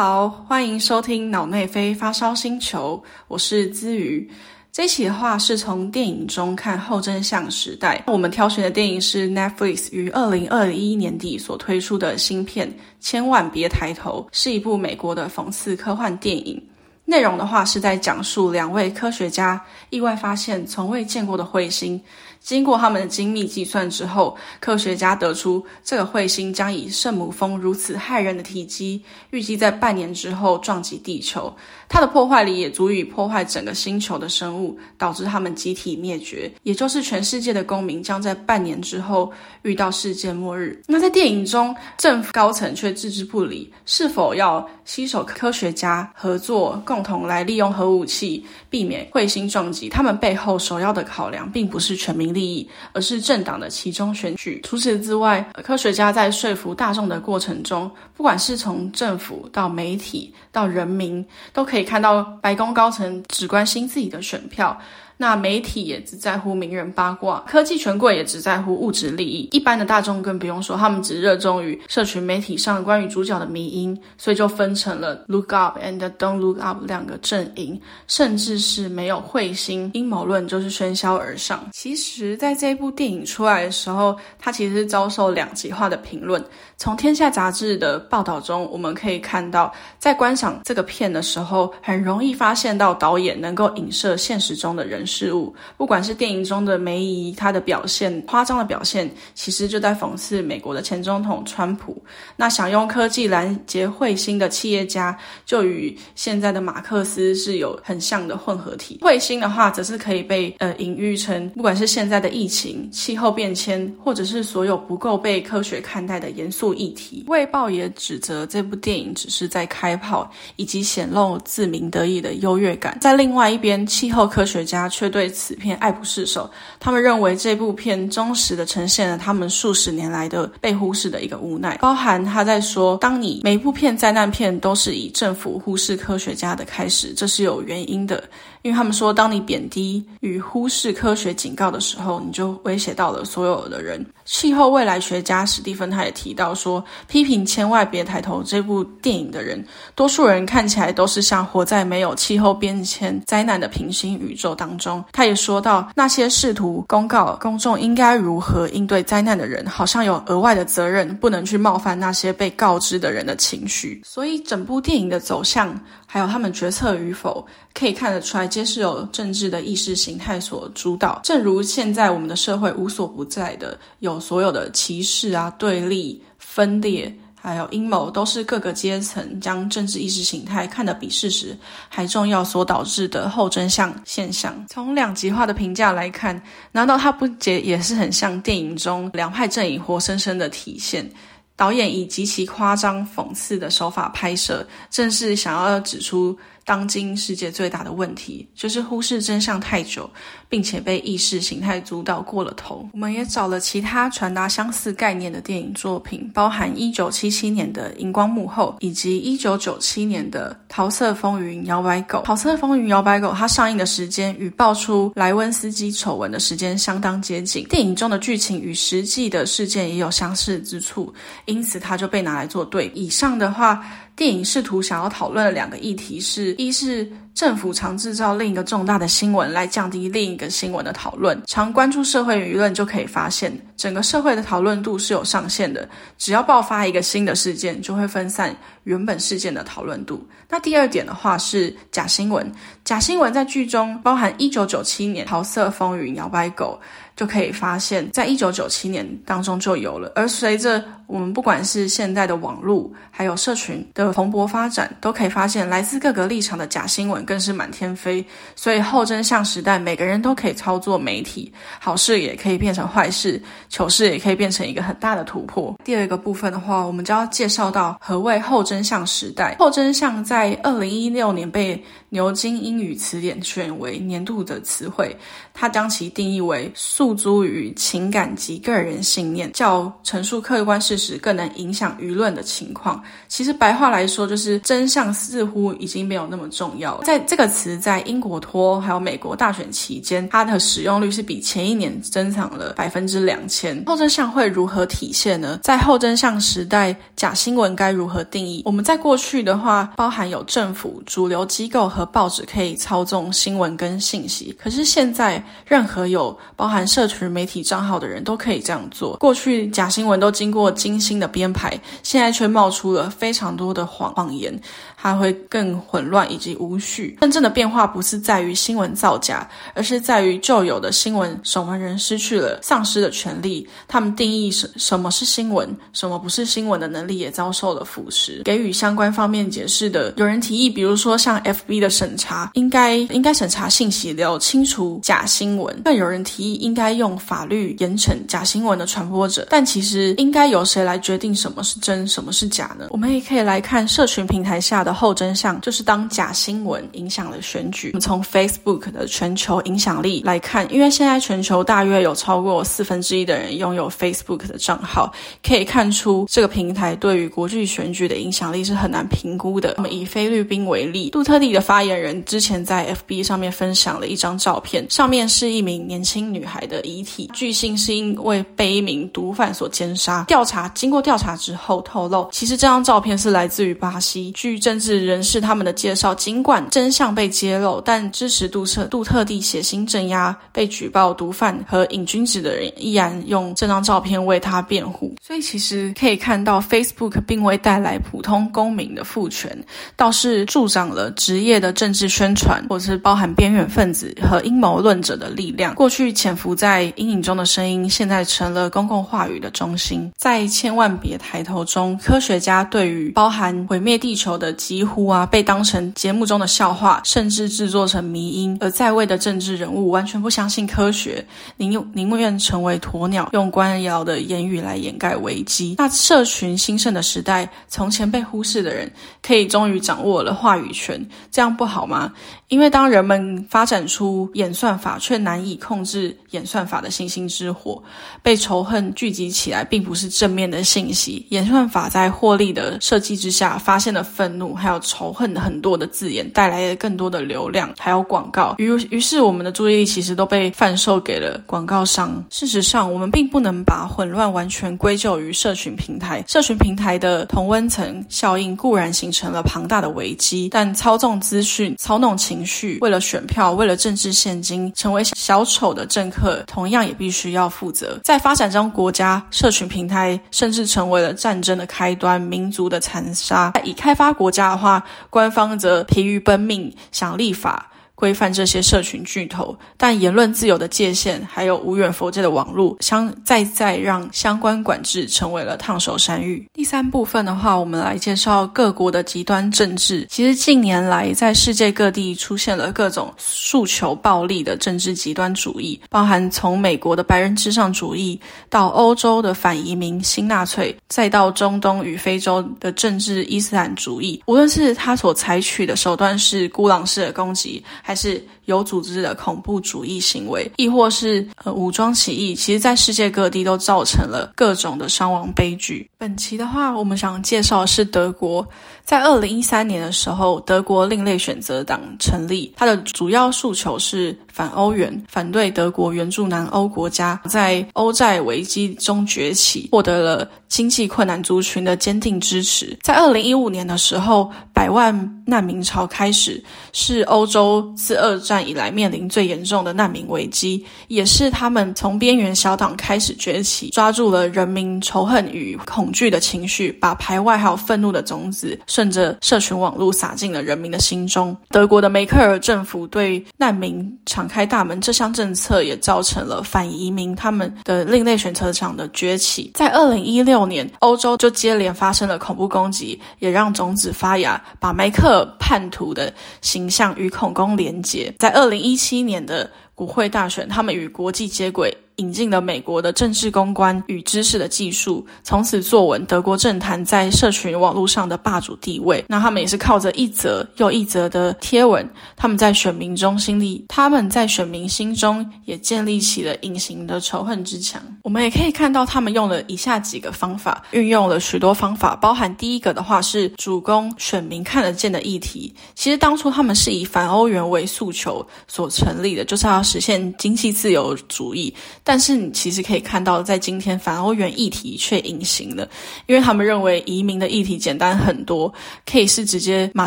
好，歡迎收聽《腦內飛發燒星球》，我是姿瑜。這期的話是從電影中看後真相時代，我們挑選的電影是 Netflix 於2021年底所推出的新片《千萬別抬頭》，是一部美國的諷刺科幻電影。內容的話是在講述兩位科學家意外發現從未見過的彗星。經過他們的精密計算之後，科學家得出這個彗星將以聖母峰如此駭人的體積，預計在半年之後撞擊地球。它的破壞力也足以破壞整個星球的生物，導致他們集體滅絕，也就是全世界的公民將在半年之後遇到世界末日。那在電影中，政府高層卻置之不理，是否要攜手科學家合作，共同來利用核武器，避免彗星撞擊？他們背後首要的考量並不是全民。利益，而是政黨的期中選舉。除此之外，科學家在說服大眾的過程中，不管是從政府到媒體到人民，都可以看到白宮高層只關心自己的選票。那媒體也只在乎名人八卦，科技權貴也只在乎物質利益，一般的大眾更不用說，他們只熱衷於社群媒體上關於主角的迷因，所以就分成了 look up and don't look up 兩個陣營，甚至是沒有彗星，陰謀論就是喧囂而上。其實，在這部電影出來的時候，它其實是遭受兩極化的評論。從《天下》雜誌的報道中，我們可以看到，在觀賞這個片的時候，很容易發現到導演能夠影射現實中的人。事物，不管是電影中的梅姨，她的表現誇張的表現，其實就在諷刺美國的前總統川普。那想用科技攔截彗星的企業家，就與現在的馬斯克是有很像的混合體。彗星的話，則是可以被呃隱喻成，不管是現在的疫情、氣候變遷，或者是所有不夠被科學看待的嚴肅議題。衛報也指責這部電影只是在開炮，以及顯露自鳴得意的優越感。在另外一邊，氣候科學家。卻對此片愛不釋手。他們認為這部片忠實的呈現了他們數十年來的被忽視的一個無奈，包含他在說，當你每一部片災難片都是以政府忽視科學家的開始，這是有原因的，因為他們說，當你貶低與忽視科學警告的時候，你就威脅到了所有的人。氣候未來學家史蒂芬他也提到說，批評千萬別抬頭這部電影的人，多數人看起來都是像活在沒有氣候變遷災難的平行宇宙當中。他也說到，那些試圖公告公眾應該如何應對災難的人，好像有額外的責任，不能去冒犯那些被告知的人的情緒。所以，整部電影的走向，還有他們決策與否，可以看得出來，皆是由政治的意識形態所主導。正如現在我們的社會無所不在的有所有的歧視啊、對立、分裂，還有陰謀，都是各個階層將政治意識形態看得比事實還重要所導致的後真相現象。從兩極化的評價來看，難道它不也也是很像電影中兩派陣營活生生的體現？導演以極其誇張、諷刺的手法拍攝，正是想要指出，當今世界最大的問題就是忽視真相太久，並且被意識形態主導過了頭。我們也找了其他傳達相似概念的電影作品，包含一九七七年的《熒光幕後》以及一九九七年的《桃色風雲搖擺狗》。《桃色風雲搖擺狗》它上映的時間與爆出萊溫斯基醜聞的時間相當接近，電影中的劇情與實際的事件也有相似之處，因此它就被拿來作對。以上的話，電影試圖想要討論的兩個議題是。一是政府常製造另一個重大的新聞來降低另一個新聞的討論，常關注社會輿論就可以發現，整個社會的討論度是有上限的，只要爆發一個新的事件，就會分散原本事件的討論度。那第二點的話是假新聞，假新聞在劇中包含一九九七年桃色風雲、搖擺狗。就可以發現，在一九九七年當中就有了。而隨着我們不管是現在的網絡，還有社群的蓬勃發展，都可以發現，來自各個立場的假新聞更是滿天飛。所以後真相時代，每個人都可以操作媒體，好事也可以變成壞事，糗事也可以變成一個很大的突破。第二個部分的話，我們就要介紹到何謂後真相時代。後真相在二零一六年被牛津英語詞典選為年度的詞彙，它將其定義為素。訴諸於情感及個人信念，較陳述客觀事實更能影響輿論的情況。其實白話來說，就是真相似乎已經沒有那麼重要。在這個詞在英國脫歐還有美國大選期間，它的使用率是比前一年增長了百分之兩千。後真相會如何體現呢？在後真相時代，假新聞該如何定義？我們在過去的話，包含有政府、主流機構和報紙可以操縱新聞跟信息。可是現在，任何有包含。社群媒體賬號的人都可以這樣做。過去假新聞都經過精心的編排，現在卻冒出了非常多的謊謊言，還會更混亂以及無序。真正的變化不是在於新聞造假，而是在於舊有的新聞守門人失去了喪失的權利，他們定義什什麼是新聞，什麼不是新聞的能力也遭受了腐蝕。給予相關方面解釋的，有人提議，比如說像 FB 的審查，應該應該審查信息流，清除假新聞。但有人提議應該。該用法律嚴懲假新聞的傳播者，但其實應該由誰來決定什麼是真，什麼是假呢？我們也可以來看社群平台下的後真相，就是當假新聞影響了選舉。我們從 Facebook 的全球影響力來看，因為現在全球大約有超過四分之一的人擁有 Facebook 的賬號，可以看出這個平台對於國際選舉的影響力是很難評估的。我們以菲律賓為例，杜特蒂的發言人之前在 FB 上面分享了一張照片，上面是一名年輕女孩的。的遺體據信是因為被一名毒販所姦殺。調查經過調查之後透露，其實這張照片是來自於巴西，據政治人士他們的介紹。儘管真相被揭露，但支持杜特杜特地血腥鎮壓被舉報毒販和癮君子的人，依然用這張照片為他辯護。所以其實可以看到，Facebook 並未帶來普通公民的賦權，倒是助長了職業的政治宣傳，或是包含邊緣分子和陰謀論者的力量。過去潛伏，在陰影中的聲音，現在成了公共話語的中心。在千萬別抬頭中，科學家對於包含毀滅地球的幾乎疾呼啊，被當成節目中的笑話，甚至制作成迷因。而在位的政治人物完全不相信科學，寧寧願成為鴕鳥，用官僚的言語來掩蓋危機。那社群興盛的時代，從前被忽視的人，可以終於掌握了話語權，這樣不好嗎？因為當人們發展出演算法，卻難以控制演算法的星星之火，被仇恨聚集起來，並不是正面的信息。演算法在獲利的設計之下，發現了憤怒，還有仇恨，很多的字眼帶來了更多的流量，還有廣告。於於是，我們的注意力其實都被販售給了廣告商。事實上，我們並不能把混亂完全歸咎於社群平台。社群平台的同溫層效應固然形成了龐大的危機，但操縱資訊、操弄情。為了選票，為了政治獻金，成為小丑的政客，同樣也必須要負責。在發展中國家，社群平台甚至成為了戰爭的開端，民族的殘殺。在已開發國家的話，官方則疲於奔命，想立法。規範這些社群巨頭，但言論自由的界限還有無遠弗屆的網絡，相再再讓相關管制成為了燙手山芋。第三部分的話，我們來介紹各國的極端政治。其實近年來，在世界各地出現了各種訴求暴力的政治極端主義，包含從美國的白人至上主義到歐洲的反移民新納粹，再到中東與非洲的政治伊斯蘭主義。無論是他所採取的手段是孤狼式的攻擊。還是。有組織的恐怖主義行為，亦或是呃武裝起義，其實在世界各地都造成了各種的傷亡悲劇。本期的話，我們想介紹的是德國。在二零一三年的時候，德國另類選擇黨成立，它的主要訴求是反歐元，反對德國援助南歐國家，在歐債危機中崛起，獲得了經濟困難族群的堅定支持。在二零一五年的時候，百萬難民潮開始，是歐洲自二戰。以來面臨最嚴重的難民危機，也是他們從邊緣小黨開始崛起，抓住了人民仇恨與恐懼的情緒，把排外還有憤怒的種子順着社群網絡撒進了人民的心中。德國的梅克爾政府對難民敞開大門這項政策，也造成了反移民他們的另類選擇黨的崛起。在二零一六年，歐洲就接連發生了恐怖攻擊，也讓種子發芽，把梅克爾叛徒的形象與恐攻連結二零一七年的。國會大選，他們與國際接軌，引進了美國的政治公關與知識的技術，從此坐穩德國政壇在社群網絡上的霸主地位。那他們也是靠着一則又一則的貼文，他們在選民中心裡，他們在選民心中也建立起了隱形的仇恨之牆。我們也可以看到，他們用了以下幾個方法，運用了許多方法，包含第一個的話是主攻選民看得見的議題。其實當初他們是以反歐元為訴求所成立的，就是要。實現經濟自由主義，但是你其實可以看到，在今天反歐元議題卻隱形了，因為他們認為移民的議題簡單很多，可以是直接馬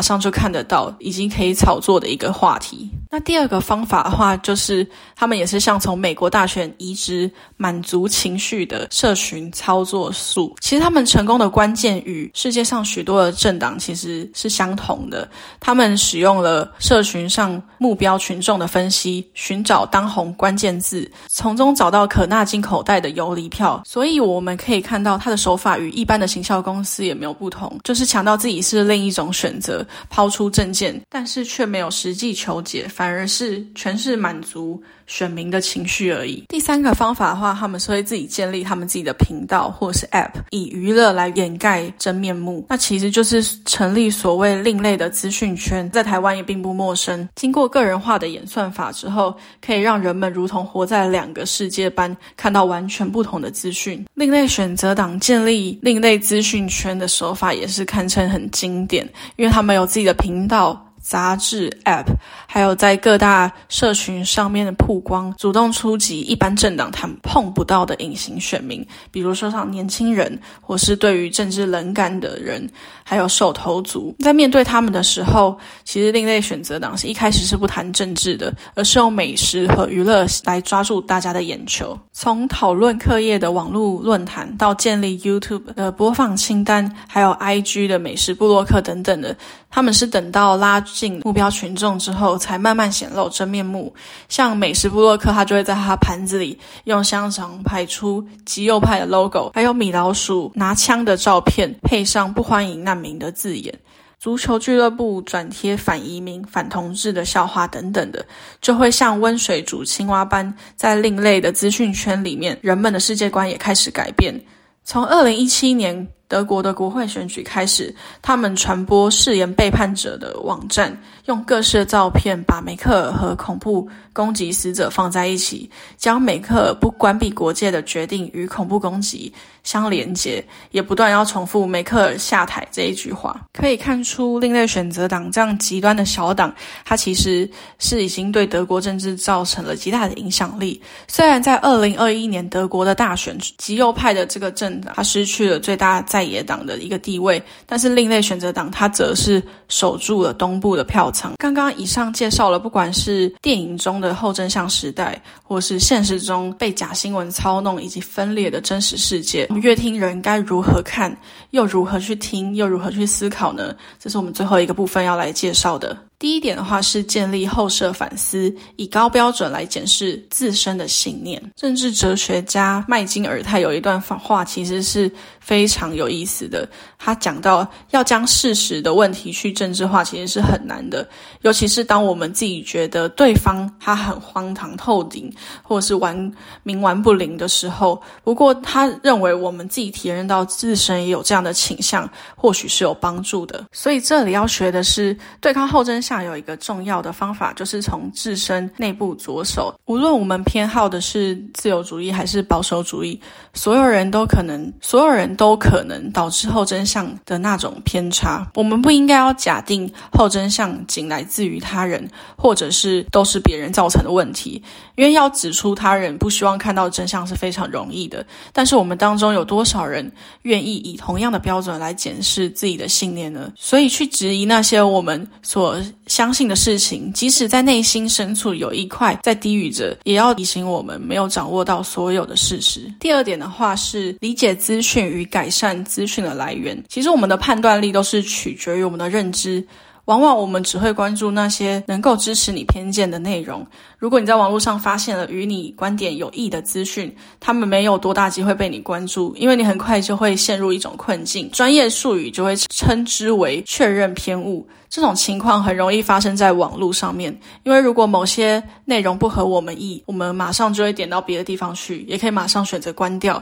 上就看得到，已經可以炒作的一個話題。那第二個方法的話，就是他們也是像從美國大選移植滿足情緒的社群操作術。其實他們成功的關鍵與世界上許多的政黨其實是相同的，他們使用了社群上目標群眾的分析，尋找。當紅關鍵字，從中找到可納進口袋的游離票，所以我們可以看到他的手法與一般的行銷公司也沒有不同，就是強調自己是另一種選擇，拋出政見，但是卻沒有實際求解，反而是全是滿足。選民的情緒而已。第三個方法的話，他們是會自己建立他們自己的頻道或是 App，以娛樂來掩蓋真面目。那其實就是成立所謂另類的資訊圈，在台灣也並不陌生。經過個人化的演算法之後，可以讓人們如同活在兩個世界般，看到完全不同的資訊。另類選擇黨建立另類資訊圈的手法也是堪稱很經典，因為他們有自己的頻道。雜誌 app，還有在各大社群上面的曝光，主動出擊一般政黨他們碰不到的隱形選民，比如說像年輕人，或是對於政治冷感的人，還有首投族，在面對他們的時候，其實另類選擇黨是一開始是不談政治的，而是用美食和娛樂來抓住大家的眼球。從討論課業的網絡論壇，到建立 YouTube 的播放清單，還有 IG 的美食部落客等等的，他們是等到拉。目標群眾之後，才慢慢顯露真面目。像美食部落客，他就會在他盤子裡用香腸排出極右派的 logo，還有米老鼠拿槍的照片，配上“不歡迎難民”的字眼。足球俱樂部轉貼反移民、反同志的笑話等等的，就會像溫水煮青蛙般，在另類的資訊圈裡面，人們的世界觀也開始改變。從二零一七年。德國的國會選舉開始，他們傳播誓言背叛者的網站，用各式的照片把梅克爾和恐怖攻擊死者放在一起，將梅克爾不關閉國界的決定與恐怖攻擊相連接，也不斷要重複梅克爾下台這一句話。可以看出，另類選擇黨這樣極端的小黨，它其實是已經對德國政治造成了極大的影響力。雖然在二零二一年德國的大選，極右派的這個政黨它失去了最大在野黨的一個地位，但是另類選擇黨它則是守住了東部的票倉。剛剛以上介紹了，不管是電影中的後真相時代，或是現實中被假新聞操弄以及分裂的真實世界。我們樂聽人該如何看，又如何去聽，又如何去思考呢？這是我們最後一個部分要來介紹的。第一點的話是建立後設反思，以高標準來檢視自身的信念。政治哲學家麥金爾泰有一段話，其實是非常有意思的。他講到，要將事實的問題去政治化，其實是很難的，尤其是當我們自己覺得對方他很荒唐透頂，或者是頑冥頑不靈的時候。不過，他認為我們自己體驗到自身也有這樣的傾向，或許是有幫助的。所以，這裡要學的是對抗後真相。有一個重要的方法，就是從自身內部着手。無論我們偏好的是自由主義還是保守主義，所有人都可能，所有人都可能導致後真相的那種偏差。我們不應該要假定後真相僅來自於他人，或者是都是別人造成的問題。因為要指出他人不希望看到真相是非常容易的，但是我們當中有多少人願意以同樣的標準來檢視自己的信念呢？所以去質疑那些我們所相信的事情，即使在內心深處有一塊在低語着，也要提醒我們沒有掌握到所有的事實。第二點的話是理解資訊與改善資訊的來源。其實我們的判斷力都是取決於我們的認知。往往我們只會關注那些能夠支持你偏見的內容。如果你在網絡上發現了與你觀點有異的資訊，他們沒有多大機會被你關注，因為你很快就會陷入一種困境。專業術語就會稱之為“確認偏誤”。這種情況很容易發生在網絡上面，因為如果某些內容不合我們意，我們馬上就會點到別的地方去，也可以馬上選擇關掉。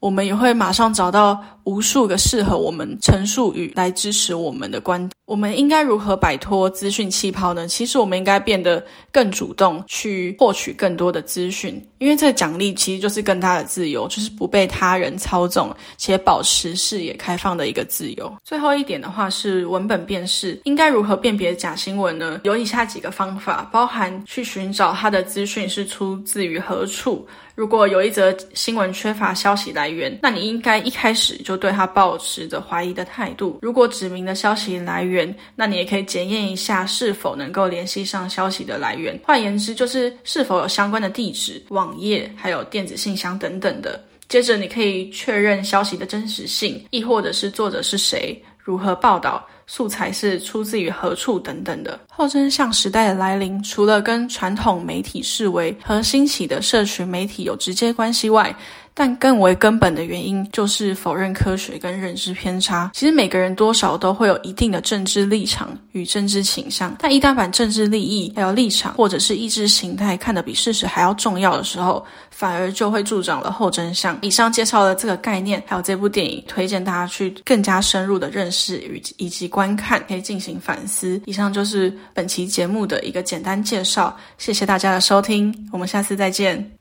我們也會馬上找到無數個適合我們陳述語來支持我們的觀點。我們應該如何擺脫資訊氣泡呢？其實我們應該變得更主動去獲取更多的資訊，因為這個獎勵其實就是更大的自由，就是不被他人操縱且保持視野開放的一個自由。最後一點的話是文本辨識，應該如何辨別假新聞呢？有以下幾個方法，包含去尋找他的資訊是出自於何處。如果有一則新聞缺乏消息來源，那你應該一開始就對他抱持着懷疑的態度。如果指明的消息來源，那你也可以檢驗一下是否能夠聯繫上消息的來源，換言之就是是否有相關的地址、網頁、還有電子信箱等等的。接着你可以確認消息的真實性，亦或者是作者是誰、如何報道、素材是出自於何處等等的。後真相時代的來臨，除了跟傳統媒體式微和興起的社群媒體有直接關係外，但更為根本的原因就是否認科學跟認知偏差。其實每個人多少都會有一定的政治立場與政治傾向，但一旦把政治利益還有立場或者是意識形態看得比事實還要重要的時候，反而就會助長了後真相。以上介紹了這個概念，還有這部電影，推薦大家去更加深入的認識與以及觀看，可以進行反思。以上就是本期節目的一個簡單介紹，謝謝大家的收聽，我們下次再見。